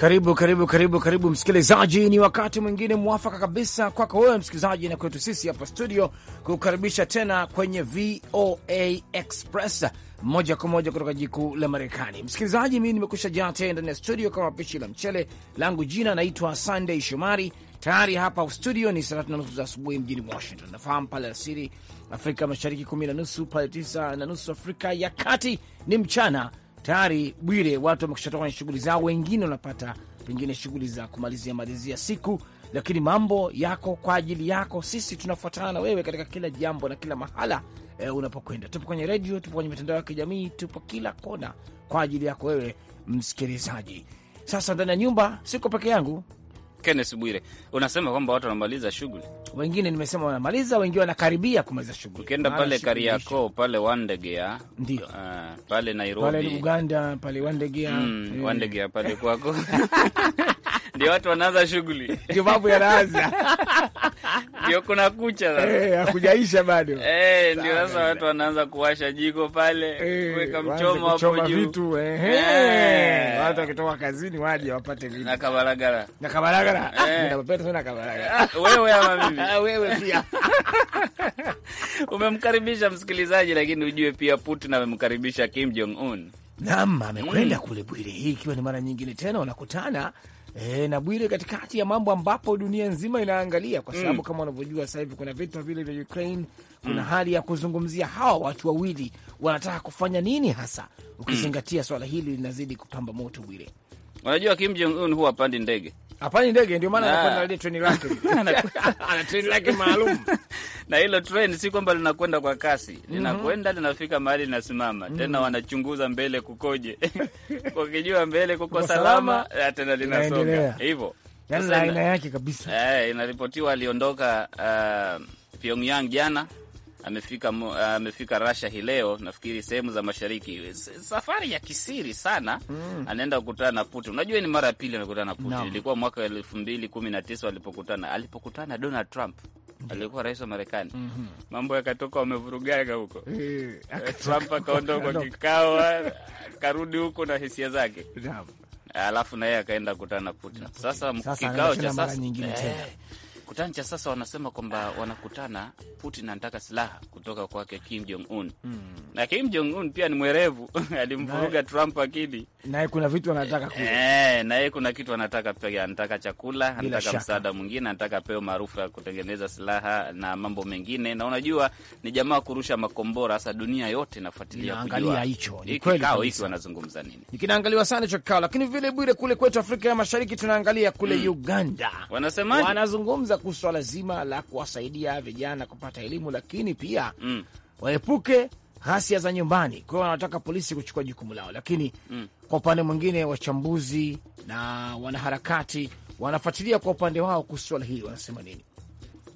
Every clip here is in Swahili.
Karibu, karibu, karibu, karibu msikilizaji. Ni wakati mwingine mwafaka kabisa kwako wewe msikilizaji na kwetu sisi hapa studio kukaribisha tena kwenye VOA Express moja kwa moja kutoka jikuu la Marekani. Msikilizaji, mimi nimekusha jaa tena ndani ya studio kama pishi la mchele langu. Jina naitwa Sunday Shomari. Tayari hapa studio ni saa tatu na nusu za asubuhi mjini Washington. Nafahamu pale alasiri Afrika Mashariki kumi na nusu, pale tisa na nusu Afrika ya Kati ni mchana tayari Bwire, watu toka kwenye shughuli zao, wengine wanapata pengine shughuli za kumalizia malizia siku, lakini mambo yako kwa ajili yako. Sisi tunafuatana na wewe katika kila jambo na kila mahala e, unapokwenda. Tupo kwenye redio, tupo kwenye mitandao ya kijamii, tupo kila kona kwa ajili yako wewe msikilizaji. Sasa ndani ya nyumba siko peke yangu, Kenneth Bwire, unasema kwamba watu wanamaliza shughuli, wengine nimesema wanamaliza, wengine wanakaribia kumaliza shughuli. Ukienda pale Kariakoo pale Wandegea ndio, uh, pale Nairobi pale Uganda pale Wandegea mm, eh. Wandegea pale kwako ndio watu wanaanza shughuli, ndio mambo yanaanza, ndio kuna kucha eh, hakujaisha bado, eh, ndio sasa watu wanaanza kuwasha jiko pale, eh, kuweka mchomo hapo juu, watu wakitoka kazini waje wapate vitu na kabaragara na kabaragara. Ah, sana kabaragara, wewe ama mimi? Ah, wewe pia umemkaribisha msikilizaji, lakini ujue pia Putin amemkaribisha Kim Jong Un. Naam, amekwenda mm. kule Bwire, hii ikiwa ni mara nyingine tena wanakutana E, na Bwire, katikati ya mambo ambapo dunia nzima inaangalia kwa mm. sababu mm. kama unavyojua sasa hivi kuna vita vile vya Ukraine, kuna mm. hali ya kuzungumzia hawa watu wawili wanataka kufanya nini hasa, ukizingatia mm. swala hili linazidi kupamba moto Bwire. Unajua Kim Jong Un huwa pandi ndege hapani ndege, ndio maana anakwenda ile treni lake, ana treni lake maalum na hilo treni si kwamba linakwenda kwa kasi, mhm. linakwenda linafika mahali linasimama mhm. tena. mm -hmm. Wanachunguza mbele kukoje, wakijua mbele kuko salama, eh, tena linasonga hivyo, yaani aina yake kabisa. Eh, inaripotiwa aliondoka uh, Pyongyang jana amefika amefika Rasha hii leo, nafikiri sehemu za mashariki. Safari ya kisiri sana mm. Anaenda kukutana na Putin. Unajua ni mara ya pili amekutana na Putin no. Ilikuwa mwaka elfu mbili kumi na tisa walipokutana, alipokutana Donald Trump alikuwa rais wa Marekani. mm -hmm. Mambo yakatoka wamevurugaga huko eh, Trump akaondoa kwa kikao akarudi huko na hisia zake Alafu na yeye akaenda kukutana na Putin. Sasa kikao cha sasa kikutano cha sasa wanasema kwamba wanakutana, Putin anataka silaha kutoka kwake Kim Jong Un hmm. na Kim Jong Un pia ni mwerevu alimvuruga Trump akili, naye kuna vitu anataka e, naye kuna kitu anataka pia, anataka chakula, anataka msaada mwingine, anataka peo maarufu ya kutengeneza silaha na mambo mengine, na unajua ni jamaa kurusha makombora. Sasa dunia yote inafuatilia kujua hicho kikao hiki wanazungumza nini, nikinaangaliwa sana hicho kikao. Lakini vile bwile, kule kwetu Afrika ya Mashariki tunaangalia kule hmm. Uganda wanasemaje, wanazungumza kuhusu swala zima la kuwasaidia vijana kupata elimu, lakini pia mm. waepuke ghasia za nyumbani. Kwa hiyo wanataka polisi kuchukua jukumu lao, lakini mm. kwa upande mwingine wachambuzi na wanaharakati wanafuatilia kwa upande wao kuhusu swala hili, wanasema nini,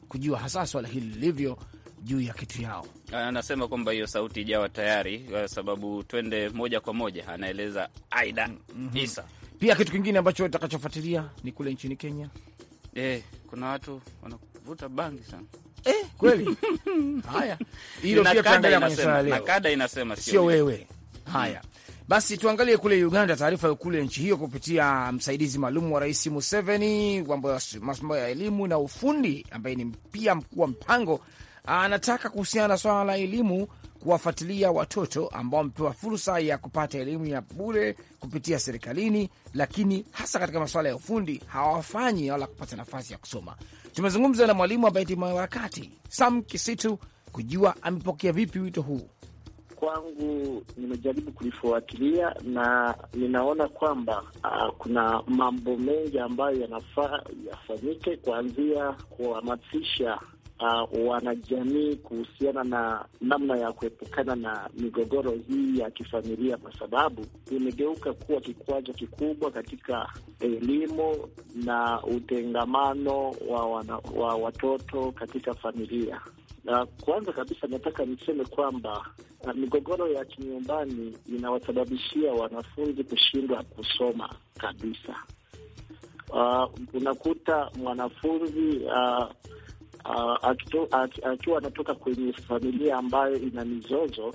kujua hasa swala hili lilivyo juu ya kitu yao. Ah, anasema kwamba hiyo sauti ijawa tayari, kwa sababu twende moja kwa moja, anaeleza Aida mm -hmm. Isa. Pia kitu kingine ambacho takachofuatilia ni kule nchini Kenya Eh, kuna watu wanavuta bangi sana. Eh, kweli? Haya. Hilo pia tuangalia kwenye swala leo. Na kada inasema sio wewe. Hmm. Haya. Basi tuangalie kule Uganda, taarifa ya kule nchi hiyo kupitia um, msaidizi maalum wa Rais Museveni mambo masomo ya elimu na ufundi ambaye ni pia mkuu wa mpango anataka kuhusiana na swala la elimu kuwafuatilia watoto ambao wamepewa fursa ya kupata elimu ya bure kupitia serikalini, lakini hasa katika masuala ya ufundi hawafanyi wala kupata nafasi ya kusoma. Tumezungumza na mwalimu ambaye Baiti Maharakati Sam Kisitu kujua amepokea vipi wito huu. Kwangu nimejaribu kulifuatilia na ninaona kwamba uh, kuna mambo mengi ambayo yanafaa yafanyike, kuanzia kuhamasisha uh, wanajamii kuhusiana na namna ya kuepukana na migogoro hii ya kifamilia, kwa sababu imegeuka kuwa kikwazo kikubwa katika elimu na utengamano wa, wana, wa watoto katika familia. Na kwanza kabisa nataka niseme kwamba uh, migogoro ya kinyumbani inawasababishia wanafunzi kushindwa kusoma kabisa. Uh, unakuta mwanafunzi uh, uh, ah, akiwa anatoka kwenye familia ambayo ina mizozo,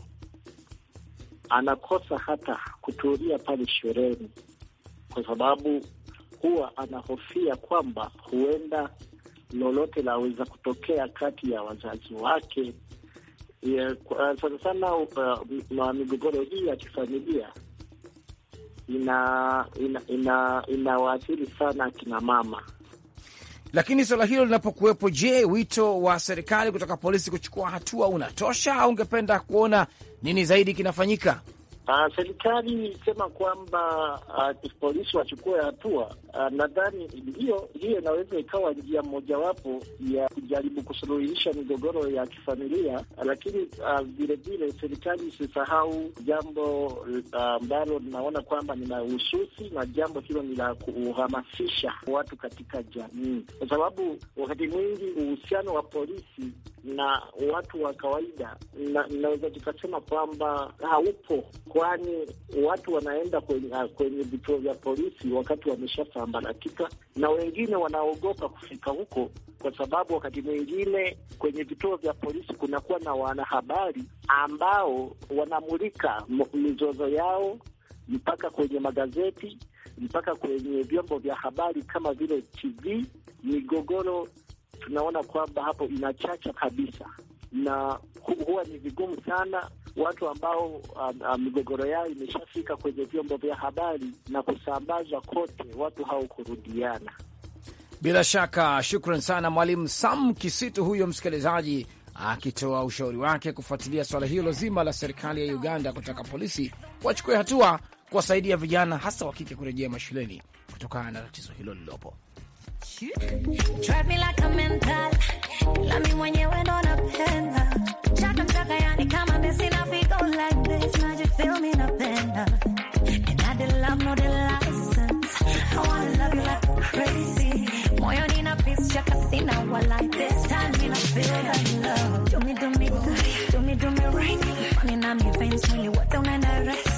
anakosa hata kutulia pale shuleni, kwa sababu huwa anahofia kwamba huenda lolote laweza kutokea kati ya wazazi wake. Yeah, sana sana uh, migogoro hii ya kifamilia ina inawaathiri ina, ina sana akina mama lakini swala hilo linapokuwepo, je, wito wa serikali kutoka polisi kuchukua hatua unatosha, au ungependa kuona nini zaidi kinafanyika? Uh, serikali ilisema kwamba uh, ah, polisi wachukue hatua uh, nadhani hiyo hiyo inaweza ikawa njia mojawapo ya kujaribu kusuluhisha migogoro ya kifamilia, lakini vilevile uh, serikali isisahau jambo ambalo uh, linaona kwamba ni mahususi na jambo hilo ni la kuhamasisha watu katika jamii, kwa sababu wakati mwingi uhusiano wa polisi na watu wa kawaida inaweza tukasema kwamba haupo kwani watu wanaenda kwenye kwenye vituo vya polisi wakati wameshasambaratika, na wengine wanaogopa kufika huko, kwa sababu wakati mwingine kwenye vituo vya polisi kunakuwa na wanahabari ambao wanamulika mizozo yao mpaka kwenye magazeti mpaka kwenye vyombo vya habari kama vile TV. Migogoro tunaona kwamba hapo inachacha kabisa, na huwa ni vigumu sana watu ambao um, um, migogoro yao imeshafika kwenye vyombo vya habari na kusambazwa kote, watu hao kurudiana Bila shaka, shukran sana Mwalimu Sam Kisitu, huyo msikilizaji akitoa ushauri wake kufuatilia swala hilo zima la serikali ya Uganda kutaka polisi wachukue hatua kuwasaidia vijana hasa wa kike kurejea mashuleni kutokana na tatizo hilo lililopo. Chaka chaka, yani kama dancing, I feel go like this. Now feel me nothing, And I didn't love no the I wanna love you like crazy. Moyoni na picha kasina, I like this time, me not feel like love. Do me, do me good, do me, do me right. Money na me veins, really, what don't I know?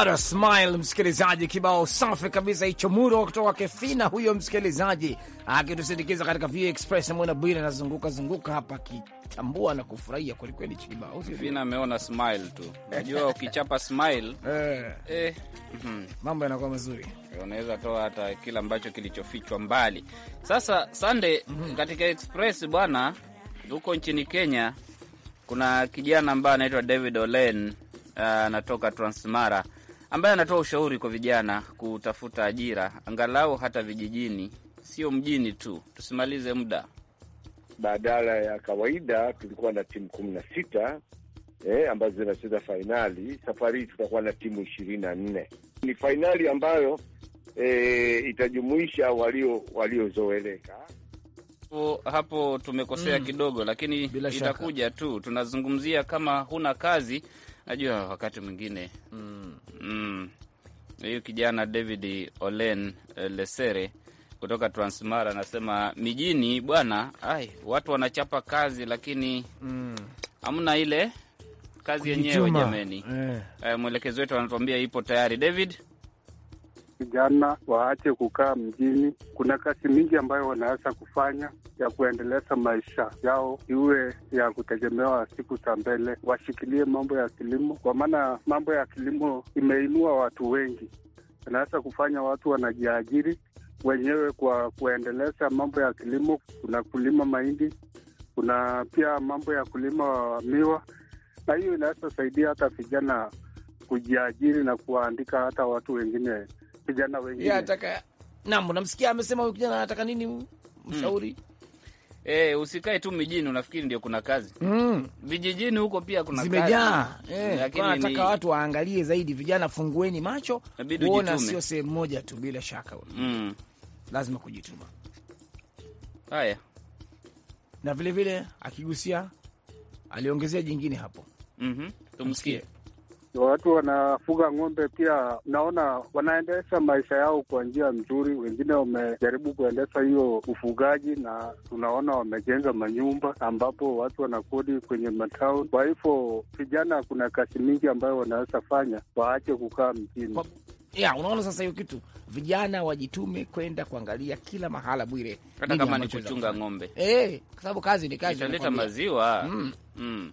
What a smile, msikilizaji. Kibao safi kabisa hicho muro kutoka Kefina, huyo msikilizaji akitusindikiza katika View Express. Mwana Bwire anazunguka zunguka hapa akitambua na kufurahia kwelikweli hicho kibao. Kefina ameona smile tu, unajua ukichapa smile eh, eh, mm-hmm, mambo yanakuwa mazuri, unaweza toa hata kile ambacho kilichofichwa mbali. Sasa sande, mm-hmm, katika Express bwana, huko nchini Kenya kuna kijana ambaye anaitwa David Olen eh, anatoka uh, Transmara ambaye anatoa ushauri kwa vijana kutafuta ajira angalau hata vijijini, sio mjini tu. Tusimalize muda. Badala ya kawaida tulikuwa na timu kumi na sita eh, ambazo zinacheza fainali. Safari hii tutakuwa na timu ishirini na nne. Ni fainali ambayo eh, itajumuisha waliozoeleka walio hapo, hapo tumekosea mm, kidogo lakini itakuja tu. Tunazungumzia kama huna kazi Najua wakati mwingine huyu mm. mm. kijana David Olen eh, Lesere kutoka Transmara anasema mijini bwana, ai watu wanachapa kazi lakini mm. hamna ile kazi yenyewe jameni. Eh. eh, mwelekezi wetu anatuambia ipo tayari David vijana waache kukaa mjini. Kuna kazi mingi ambayo wanaweza kufanya ya kuendeleza maisha yao iwe ya kutegemewa siku za mbele. Washikilie mambo ya kilimo, kwa maana mambo ya kilimo imeinua watu wengi, wanaweza kufanya watu wanajiajiri wenyewe kwa kuendeleza mambo ya kilimo. Kuna kulima mahindi, kuna pia mambo ya kulima miwa, na hiyo inaweza saidia hata vijana kujiajiri na kuwaandika hata watu wengine vijana wengine Yeye anataka naam, unamsikia amesema huyu kijana anataka nini, mshauri mm. E, usikae tu mijini, unafikiri ndio kuna kazi mm. Vijijini huko pia kuna zimejaa kazi, eh, lakini nataka ni... watu waangalie zaidi. Vijana, fungueni macho kuona sio sehemu moja tu, bila shaka mm. lazima kujituma. Haya, na vile vile, akigusia aliongezea jingine hapo Mhm. mm -hmm. Tumsikie. Watu wanafuga ng'ombe pia, naona wanaendesha maisha yao kwa njia mzuri. Wengine wamejaribu kuendesha hiyo ufugaji, na tunaona wamejenga manyumba ambapo watu wanakodi kwenye matown. Kwa hivyo, vijana, kuna kazi mingi ambayo wanaweza fanya, waache kukaa mjini. Yeah, unaona sasa hiyo kitu, vijana wajitume kwenda kuangalia kila mahala, Bwire, hata kama ni kuchunga ng'ombe eh, kwa sababu kazi ni kazi, italeta maziwa mm. Mm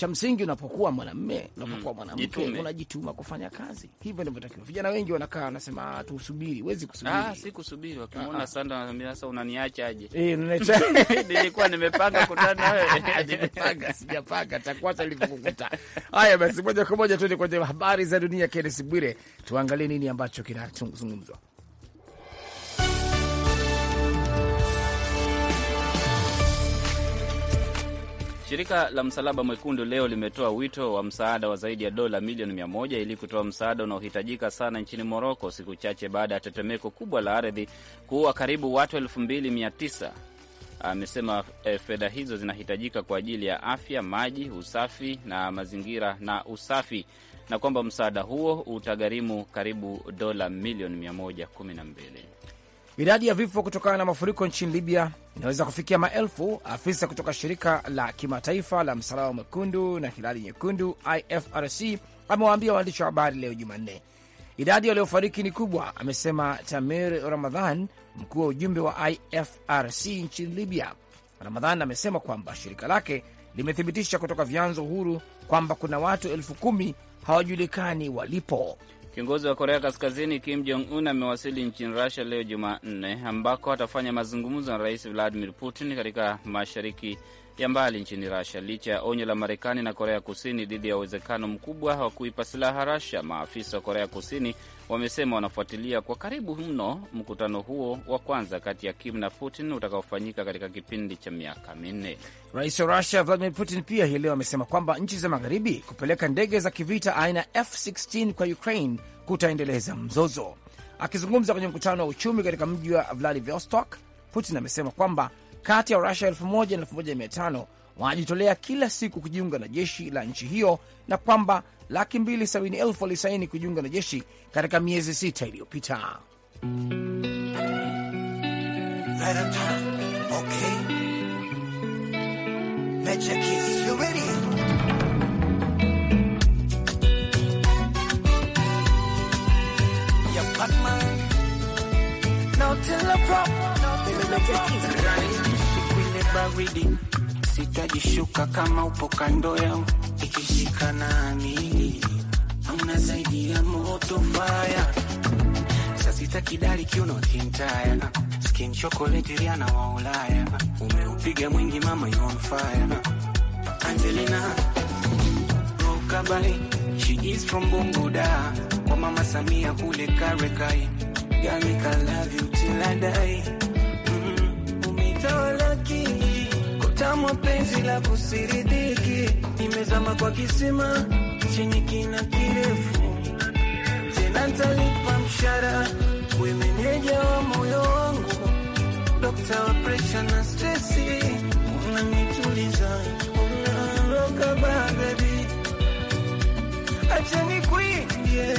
cha msingi unapokuwa mwanamme, unapokuwa mm. mwanamke mm, unajituma kufanya kazi. Hivyo ndivyotakiwa. Vijana wengi wanakaa wanasema ah, tusubiri, wezi kusubiri. Ah, si kusubiri. Wakimwona ah, ah. Sanda wananiambia sasa unaniachaje? Eh, unaniacha. Nilikuwa nimepanga kutana na wewe. Nimepanga, sijapanga takuwa nilipokukuta. Haya basi, moja kwa moja tuende kwenye habari za dunia. Kenneth Bwire, tuangalie nini ambacho kinazungumzwa. Shirika la Msalaba Mwekundu leo limetoa wito wa msaada wa zaidi ya dola milioni mia moja ili kutoa msaada unaohitajika sana nchini Moroko, siku chache baada ya tetemeko kubwa la ardhi kuua karibu watu elfu mbili mia tisa. Amesema e, fedha hizo zinahitajika kwa ajili ya afya, maji, usafi na mazingira na usafi, na kwamba msaada huo utagharimu karibu dola milioni 112. Idadi ya vifo kutokana na mafuriko nchini Libya inaweza kufikia maelfu. Afisa kutoka shirika la kimataifa la Msalaba Mwekundu na Hilali Nyekundu, IFRC, amewaambia waandishi wa habari leo Jumanne. Idadi waliofariki ni kubwa, amesema Tamir Ramadhan, mkuu wa ujumbe wa IFRC nchini Libya. Ramadhan amesema kwamba shirika lake limethibitisha kutoka vyanzo huru kwamba kuna watu elfu kumi hawajulikani walipo. Kiongozi wa Korea Kaskazini Kim Jong Un amewasili nchini Rusia leo Jumanne, ambako atafanya mazungumzo na Rais Vladimir Putin katika mashariki ya mbali nchini Rasha. Licha ya onyo la Marekani na Korea Kusini dhidi ya uwezekano mkubwa wa kuipa silaha Rasha, maafisa wa Korea Kusini wamesema wanafuatilia kwa karibu mno mkutano huo wa kwanza kati ya Kim na Putin utakaofanyika katika kipindi cha miaka minne. Rais wa Rusia Vladimir Putin pia hii leo amesema kwamba nchi za magharibi kupeleka ndege za kivita aina F16 kwa Ukraine kutaendeleza mzozo. Akizungumza kwenye mkutano wa uchumi katika mji wa Vladivostok, Putin amesema kwamba kati ya Warusia elfu moja na elfu moja mia tano wanajitolea kila siku kujiunga na jeshi la nchi hiyo na kwamba laki mbili sabini elfu walisaini kujiunga na jeshi katika miezi sita iliyopita. Right baridi, sitajishuka kama upo kando yangu, ikishikana mili hamna zaidi ya moto faya. Sasita kidali kiuno kintaya, skin chocolate riana wa Ulaya, umeupiga mwingi mama you on fire. Angelina Rokabali, she is from Bunguda, kwa mama Samia kule Karakai, girl I love you till I die kama penzi la kusiridiki, nimezama kwa kisima chenye kina kirefu, tena ntalipa mshara wemeneja wa moyo wangu, dokta wa presha na stresi, unanituliza unaloka bagadi, achani kuimbie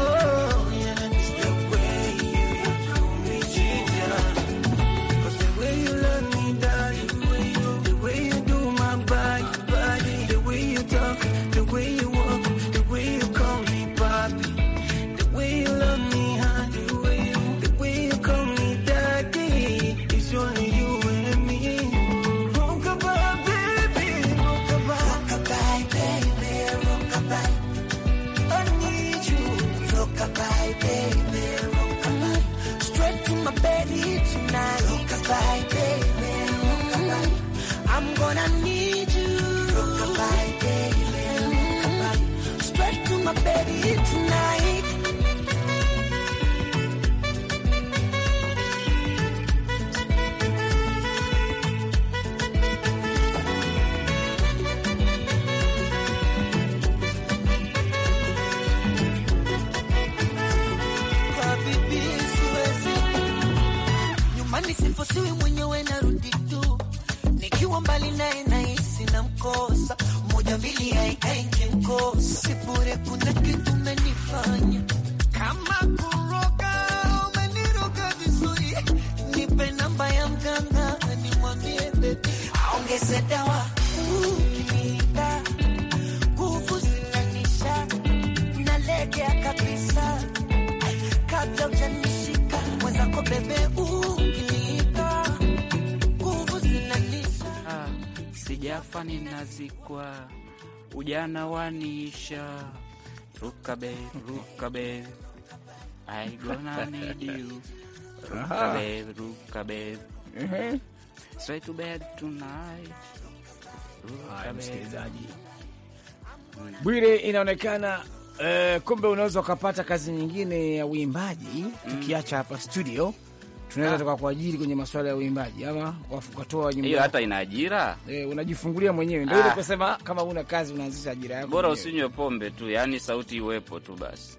oh. na mimi kama kuroga wani nazikwa, ujana waniisha, rukabe rukabe aigona nidiu rukabe rukabe straight to bed tonight msikilizaji mm. Bwire, inaonekana uh, kumbe unaweza ukapata kazi nyingine ya uimbaji mm. tukiacha hapa studio tunaweza ah. kuajiri kwenye masuala ya uimbaji ama ukatoa nyimbo hiyo, hata ina ajira e, unajifungulia mwenyewe. Ndio ile ah. kusema kama una kazi unaanzisha ajira yako, bora usinywe pombe tu, yani sauti iwepo tu basi.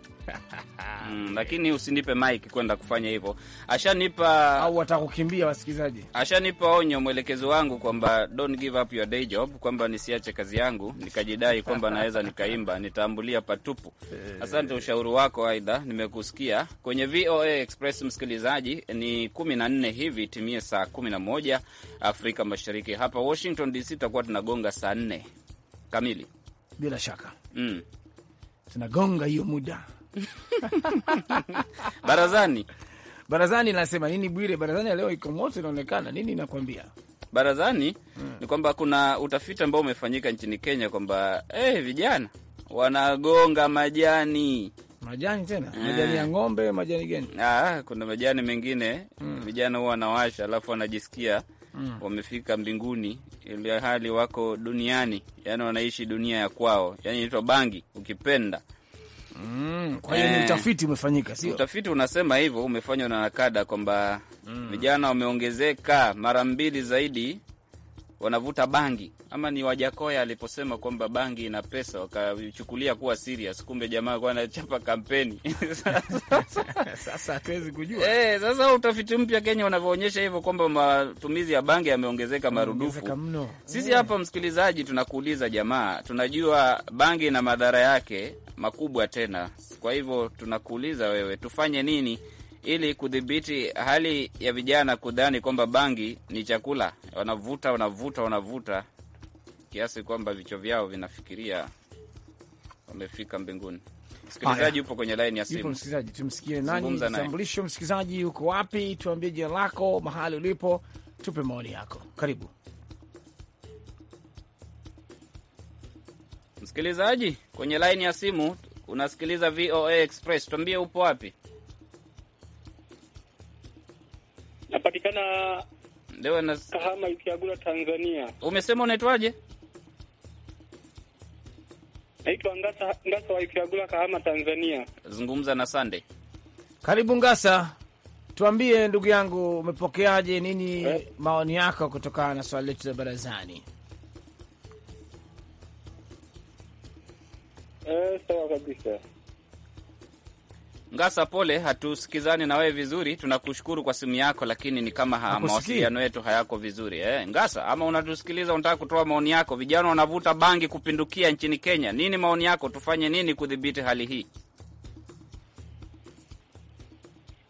Mm, lakini usinipe mike kwenda kufanya hivyo. Ashanipa au watakukimbia wasikilizaji. Ashanipa onyo mwelekezo wangu kwamba don't give up your day job, kwamba nisiache kazi yangu nikajidai kwamba naweza nikaimba, nitaambulia patupu. Asante ushauri wako, aidha nimekusikia kwenye VOA Express. Msikilizaji, ni kumi na nne hivi timie saa kumi na moja Afrika Mashariki. Hapa Washington DC tutakuwa tunagonga saa nne kamili bila shaka mm. tunagonga hiyo muda barazani barazani nasema nini Bwire? Barazani leo iko moto, inaonekana nini, nakwambia barazani hmm, ni kwamba kuna utafiti ambao umefanyika nchini Kenya kwamba eh, vijana wanagonga majani majani tena hmm, majani ya ng'ombe, majani gani? Ah, kuna majani mengine hmm, vijana huwa wanawasha alafu wanajisikia hmm. Wamefika mbinguni ili hali wako duniani, yani wanaishi dunia ya kwao, yani inaitwa bangi ukipenda Mm. kwa hiyo ni eh. utafiti umefanyika, sio? Utafiti unasema hivyo, umefanywa na NACADA kwamba mm. vijana mm, wameongezeka mara mbili zaidi wanavuta bangi, ama ni Wajakoya aliposema kwamba bangi ina pesa, wakachukulia kuwa serious, kumbe jamaa kwa anachapa kampeni sasa hatuwezi kujua eh, Sasa utafiti mpya Kenya unavyoonyesha hivyo kwamba matumizi ya bangi yameongezeka marudufu. Sisi hapa, msikilizaji, tunakuuliza jamaa, tunajua bangi na madhara yake makubwa tena. Kwa hivyo tunakuuliza wewe, tufanye nini ili kudhibiti hali ya vijana kudhani kwamba bangi ni chakula. Wanavuta, wanavuta, wanavuta kiasi kwamba vichwa vyao vinafikiria wamefika mbinguni. Msikilizaji upo kwenye laini ya simu, msikilizaji tumsikie nani tambulisho. Msikilizaji uko wapi? Tuambie jina lako, mahali ulipo, tupe maoni yako. Karibu msikilizaji kwenye laini ya simu, unasikiliza VOA Express. Tuambie upo wapi? Napatikana leo na Kahama Ikiagula, Tanzania. Umesema unaitwaje? Naitwa Ngasa, Ngasa wa Ikiagula, Kahama, Tanzania. Zungumza na Sande. Karibu Ngasa, tuambie ndugu yangu, umepokeaje nini eh, maoni yako kutokana na swali letu la barazani? Eh, sawa kabisa. Ngasa, pole, hatusikizani na wewe vizuri. Tunakushukuru kwa simu yako, lakini ni kama mawasiliano yetu hayako vizuri eh. Ngasa, ama unatusikiliza, unataka kutoa maoni yako? Vijana wanavuta bangi kupindukia nchini Kenya, nini maoni yako? Tufanye nini kudhibiti hali hii?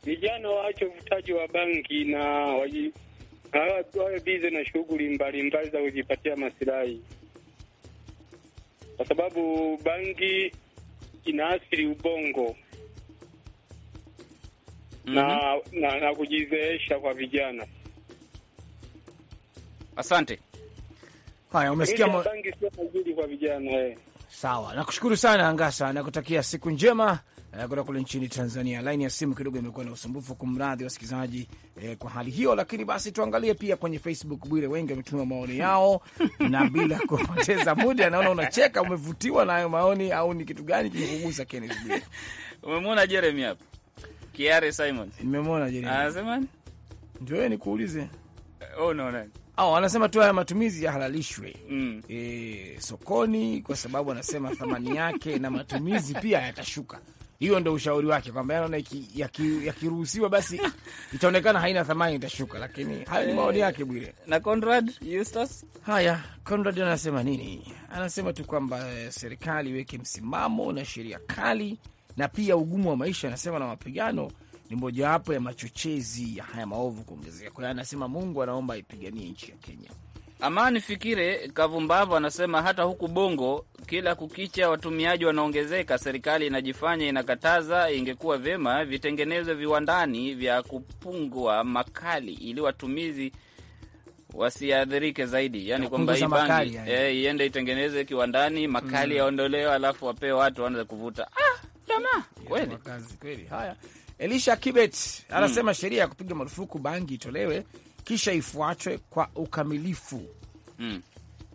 Vijana waache uvutaji wa bangi na wawe bize na shughuli mbalimbali za kujipatia masilahi, kwa sababu bangi inaathiri ubongo Mhm. na, na, na kujizeesha kwa vijana. Asante. Haya, umesikia mo... kwa vijana eh. Sawa, nakushukuru sana Angasa, nakutakia siku njema eh, kutoka kule nchini Tanzania. Laini ya simu kidogo imekuwa na usumbufu, kumradhi wasikilizaji eh, kwa hali hiyo, lakini basi tuangalie pia kwenye Facebook. Bwire, wengi wametuma maoni yao na bila kupoteza muda, naona unacheka, umevutiwa na hayo maoni au ni kitu gani kimekugusa? Kenneth Bwire, umemwona Jeremy hapa Kiare Simon. Nimemwona jeri. Anasema Ndio yeye nikuulize. Oh no no. Au anasema tu haya matumizi yahalalishwe mm. e, sokoni kwa sababu anasema thamani yake na matumizi pia yatashuka. Hiyo ndo ushauri wake kwamba anaona yaani yakiruhusiwa basi itaonekana haina thamani, itashuka. Lakini hayo ni eh, maoni yake Bwire. Na Conrad Eustace, haya Conrad anasema nini? Anasema tu kwamba eh, serikali iweke msimamo na sheria kali na pia ugumu wa maisha, anasema na mapigano ni mojawapo ya machochezi ya haya maovu kuongezeka. Kwa hiyo anasema Mungu anaomba aipiganie nchi ya Kenya. Amani Fikire Kavumbavu anasema hata huku Bongo kila kukicha watumiaji wanaongezeka, serikali inajifanya inakataza. Ingekuwa vyema vitengenezwe viwandani vya kupungua makali ili watumizi wasiathirike zaidi, yani kwamba hii bangi eh, iende itengeneze kiwandani, makali mm. yaondolewe, alafu wapee watu waanze kuvuta ah! Kweli kweli. Haya, Elisha Kibet anasema mm, sheria ya kupiga marufuku bangi itolewe kisha ifuatwe kwa ukamilifu mm.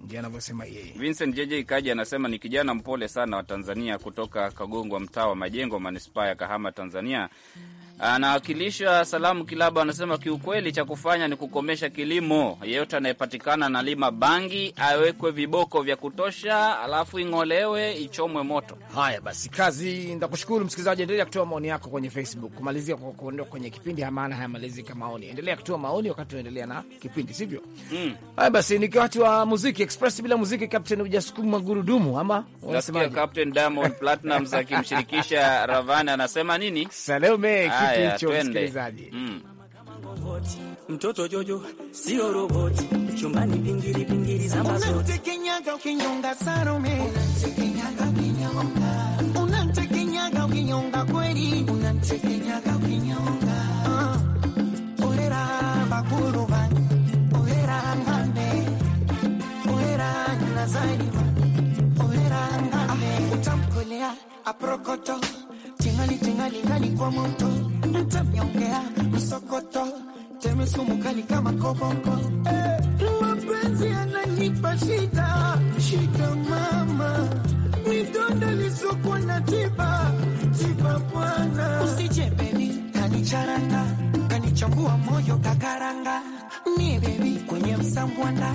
Ndio anavyosema yeye. Vincent JJ Kaji anasema ni kijana mpole sana wa Tanzania kutoka Kagongwa, mtaa wa Majengo, manispaa ya Kahama, Tanzania mm anawakilisha Salamu Kilaba, anasema kiukweli cha kufanya ni kukomesha kilimo. Yeyote anayepatikana na lima bangi awekwe viboko vya kutosha, alafu ing'olewe, ichomwe moto. Haya basi, kazi. Ndakushukuru msikilizaji, endelea kutoa maoni yako kwenye Facebook. Kumalizia kwa kuondoka kwenye kipindi, maana hayamalizika maoni. Endelea kutoa maoni wakati unaendelea na kipindi, sivyo? Mm. Haya basi, ni wakati wa muziki express. Bila muziki, Captain, hujasukuma gurudumu ama unasema? Captain Diamond Platinum akimshirikisha Ravana anasema nini? Salome ah, hicho msikilizaji. Mm. Mtoto Jojo sio roboti, chumbani pingiri pingiri za mazoti. Unamtekenyaga ukinyonga Salome, unamtekenyaga ukinyonga, unamtekenyaga ukinyonga kweli, unamtekenyaga ukinyonga. Olera bakuru bani, olera ngande, olera nazari, olera ngande, ah, utamkolea aprokoto, tingali tingali ngali kwa moto utamnyongea msokoto teme sumu kali kama koboko eh, mapenzi ananipa shida shida mama midonda lisoko na tiba tiba bwana usije bebi kanicharanga kanichambua moyo kakaranga mie bebi kwenye msambwanda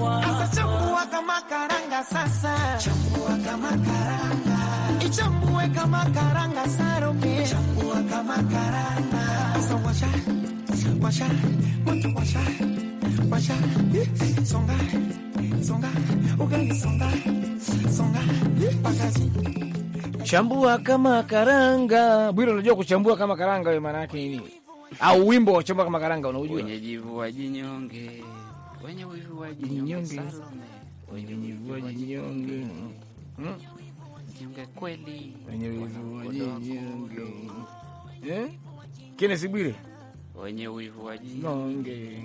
Chambua kama karanga sasa, chambua kama karanga, ichambue kama karanga chambua kama karanga sasa, washa washa washa washa, songa songa, ugali songa songa, pakazi chambua kama karanga. Bwira, unajua kuchambua kama karanga wewe, maana yake nini? Au wimbo wa chambua kama karanga unaujua? Kwenye jivu jinyonge wenye vinyonge wenye vinyonge nyonge nyonge kweli wenye vinyonge nyonge eh kene sibire wenye wivu wa jinyonge hmm? eh?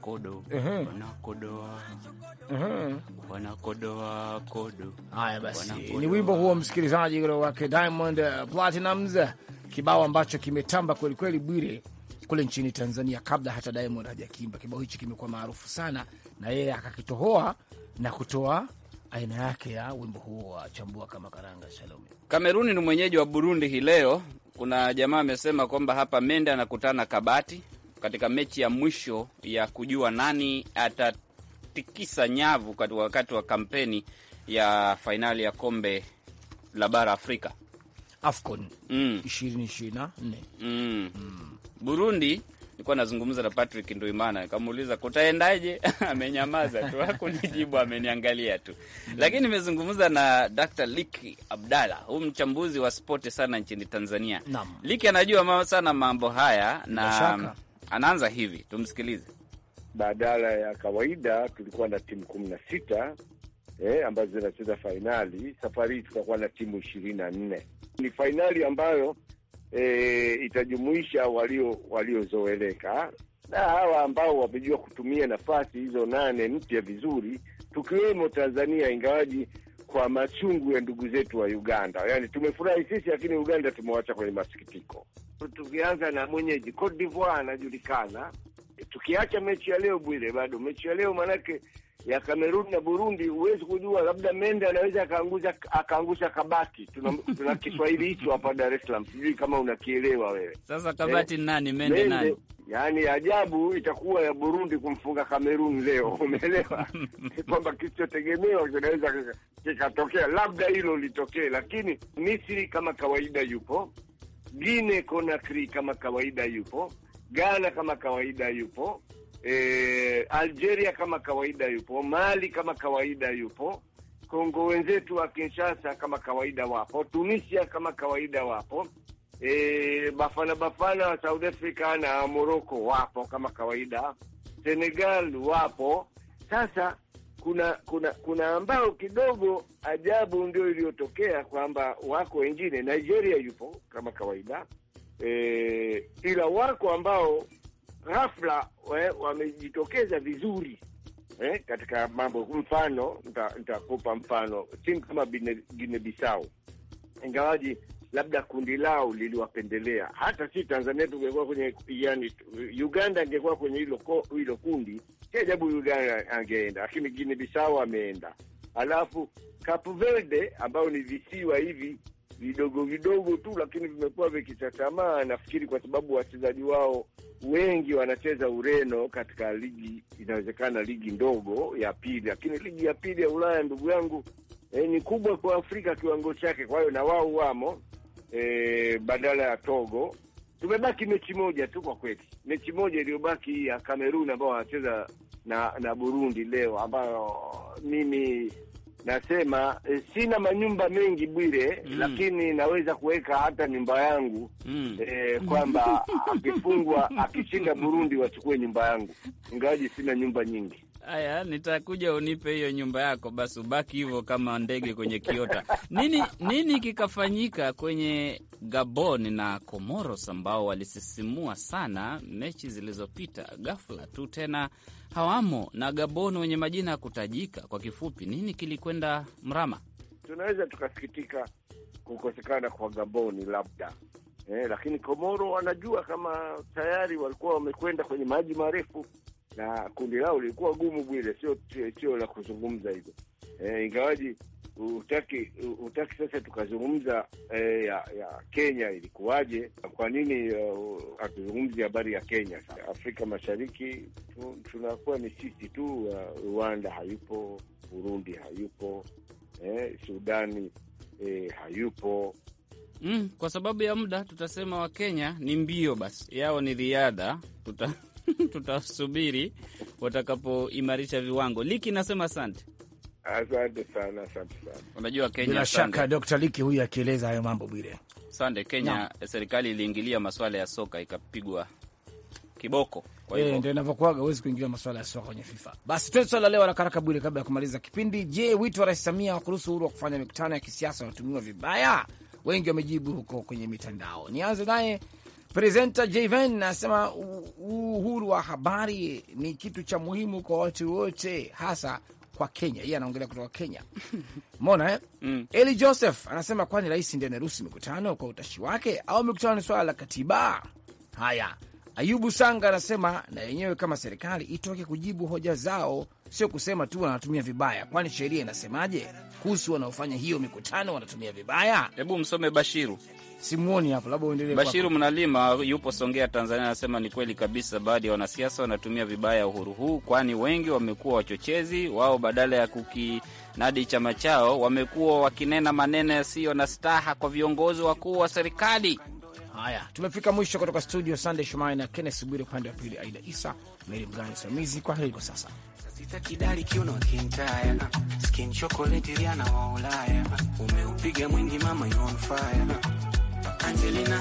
kodo wanakodoa kodo. Haya basi, ni wimbo huo msikilizaji, wake Diamond Platinumz, kibao ambacho kimetamba kwelikweli, Bwire kule nchini Tanzania kabla hata Diamond hajakimba kibao hichi, kimekuwa maarufu sana, na yeye akakitohoa na kutoa aina yake ya wimbo huo wa chambua kama karanga. Shalom, Kameruni ni mwenyeji wa Burundi hii leo. Kuna jamaa amesema kwamba hapa Mende anakutana Kabati katika mechi ya mwisho ya kujua nani atatikisa nyavu wakati wa kampeni ya fainali ya kombe la bara Afrika. AFCON mm. ishirini ishirini na nne mm. mm. Burundi nilikuwa nazungumza na Patrick Nduimana nikamuuliza kutaendaje? Amenyamaza tu, hakunijibu, ameniangalia tu. Mm. Lakini nimezungumza na Dr. Liki Abdalla, huu mchambuzi wa spoti sana nchini Tanzania. Naam. Liki anajua sana mambo haya na anaanza hivi, tumsikilize. Badala ya kawaida tulikuwa na timu kumi na sita eh, ambazo zinacheza fainali. Safari hii tukakuwa na timu ishirini na nne ni fainali ambayo e, itajumuisha walio waliozoeleka na hawa ambao wamejua kutumia nafasi hizo nane mpya vizuri, tukiwemo Tanzania, ingawaji kwa machungu ya ndugu zetu wa Uganda. Yani tumefurahi sisi, lakini Uganda tumewacha kwenye masikitiko. Tukianza na mwenyeji Cote d'Ivoire, anajulikana tukiacha mechi ya leo Bwire, bado mechi ya leo maanake ya Kamerun na Burundi, huwezi kujua, labda Mende anaweza akaangusha akaangusha kabati. Tuna, tuna Kiswahili hicho hapa Dar es Salaam, sijui kama unakielewa wewe. Sasa kabati eh, nani Mende, Mende nani? Yani ajabu itakuwa ya Burundi kumfunga Kamerun leo, umeelewa? kwamba kilichotegemewa kinaweza kikatokea, labda hilo litokee, lakini Misri kama kawaida yupo Guinea Conakry kama kawaida yupo Ghana kama kawaida yupo, e, Algeria kama kawaida yupo, Mali kama kawaida yupo, Kongo wenzetu wa Kinshasa kama kawaida wapo, Tunisia kama kawaida wapo, e, bafana bafana wa South Africa na Morocco wapo kama kawaida, Senegal wapo. Sasa kuna kuna kuna ambao kidogo ajabu ndio iliyotokea kwamba wako wengine. Nigeria yupo kama kawaida e, ila wako ambao ghafla eh, wamejitokeza vizuri eh, katika mambo. Mfano nitakupa mfano, timu kama Guinea ingawaji labda kundi lao liliwapendelea. Hata si Tanzania tungekuwa kwenye yani, Uganda angekuwa kwenye hilo hilo kundi, si ajabu Uganda angeenda, lakini Guinea ameenda. Alafu Kapu Verde ambayo ni visiwa hivi vidogo vidogo tu, lakini vimekuwa vikitatamaa. Nafikiri kwa sababu wachezaji wao wengi wanacheza Ureno katika ligi, inawezekana ligi ndogo ya pili, lakini ligi ya pili ya Ulaya, ndugu yangu, e, ni kubwa kwa Afrika kiwango chake. Kwa hiyo na wao wamo e, badala ya Togo. Tumebaki mechi moja tu kwa kweli, mechi moja iliyobaki ya Kamerun ambao wanacheza na na Burundi leo, ambayo mimi Nasema eh, sina manyumba mengi Bwire, mm. lakini naweza kuweka hata nyumba yangu mm. e, kwamba akifungwa akishinda Burundi wachukue nyumba yangu, ingawaji sina nyumba nyingi. Haya, nitakuja unipe hiyo nyumba yako, basi ubaki hivyo kama ndege kwenye kiota. Nini nini kikafanyika kwenye Gabon na Comoros ambao walisisimua sana mechi zilizopita? Ghafla tu tena hawamo, na Gabon wenye majina ya kutajika. Kwa kifupi, nini kilikwenda mrama? Tunaweza tukasikitika kukosekana kwa Gaboni labda eh, lakini Komoro wanajua kama tayari walikuwa wamekwenda kwenye maji marefu na kundi lao lilikuwa gumu Bwile, sio sio la kuzungumza hivyo e, ingawaji utaki utaki sasa tukazungumza e, ya, ya Kenya ilikuwaje? Kwa nini e, hatuzungumzi uh, habari ya Kenya? Afrika Mashariki tunakuwa ni sisi tu. Uh, Rwanda hayupo, Burundi hayupo, eh, Sudani eh, hayupo. Mm, kwa sababu ya muda tutasema Wakenya ni mbio basi, yao ni riadha tuta tutasubiri watakapoimarisha viwango. Liki nasema asante. Asante sana, asante sana. Unajua Kenya, bila shaka Dr. Liki huyu akieleza hayo mambo Bwire. Sande Kenya no. Serikali iliingilia maswala ya soka ikapigwa kiboko, eh, ndo inavyokuaga, huwezi kuingilia masuala ya soka kwenye FIFA. Basi tuwe swala leo haraka haraka kabla ya kumaliza kipindi. Je, wito wa Rais Samia wa kuruhusu uhuru wa kufanya mikutano ya kisiasa unatumiwa vibaya? Wengi wamejibu huko kwenye mitandao. Nianze naye Presenta Jven anasema uhuru wa habari ni kitu cha muhimu kwa watu wote, hasa kwa Kenya. Yeye anaongelea kutoka Kenya, mona eh? mm. Eli Joseph anasema kwani rais ndiye anaruhusu mikutano kwa utashi wake au mikutano ni swala la katiba? Haya, Ayubu Sanga anasema na yenyewe kama serikali itoke kujibu hoja zao, sio kusema tu wanatumia vibaya. Kwani sheria inasemaje kuhusu wanaofanya hiyo mikutano wanatumia vibaya? Hebu msome Bashiru. Simuoni hapo, labda uendelee. Bashiru Mnalima yupo Songea, Tanzania, anasema ni kweli kabisa, baadhi ya wanasiasa wanatumia vibaya uhuru huu, kwani wengi wamekuwa wachochezi. Wao badala ya kukinadi chama chao wamekuwa wakinena maneno yasiyo na staha kwa viongozi wakuu wa serikali. Haya, tumefika mwisho. Kutoka studio, Sandey Shumai na Kennes Bwire, upande wa pili Aida Isa, Meri Mgani msimamizi. Kwa heri kwa sasa. kiuno kintaya skin riana wa Ulaya umeupiga mwingi mama on fire Angelina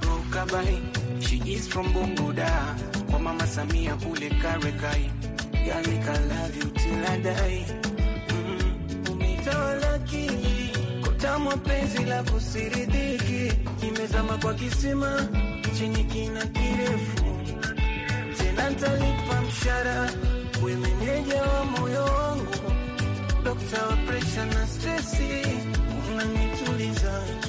Rokabai, she is from Bongoda, kwa Mama Samia kule Karekai. Girl, I love you till I die. Mm, mm-hmm. umetola kili, kutamwa la kusiridiki, imezama kwa kisima chenye kina kirefu, tena talipa mshara, we meneja wa moyo wangu, dokta wa presha na stresi, unanituliza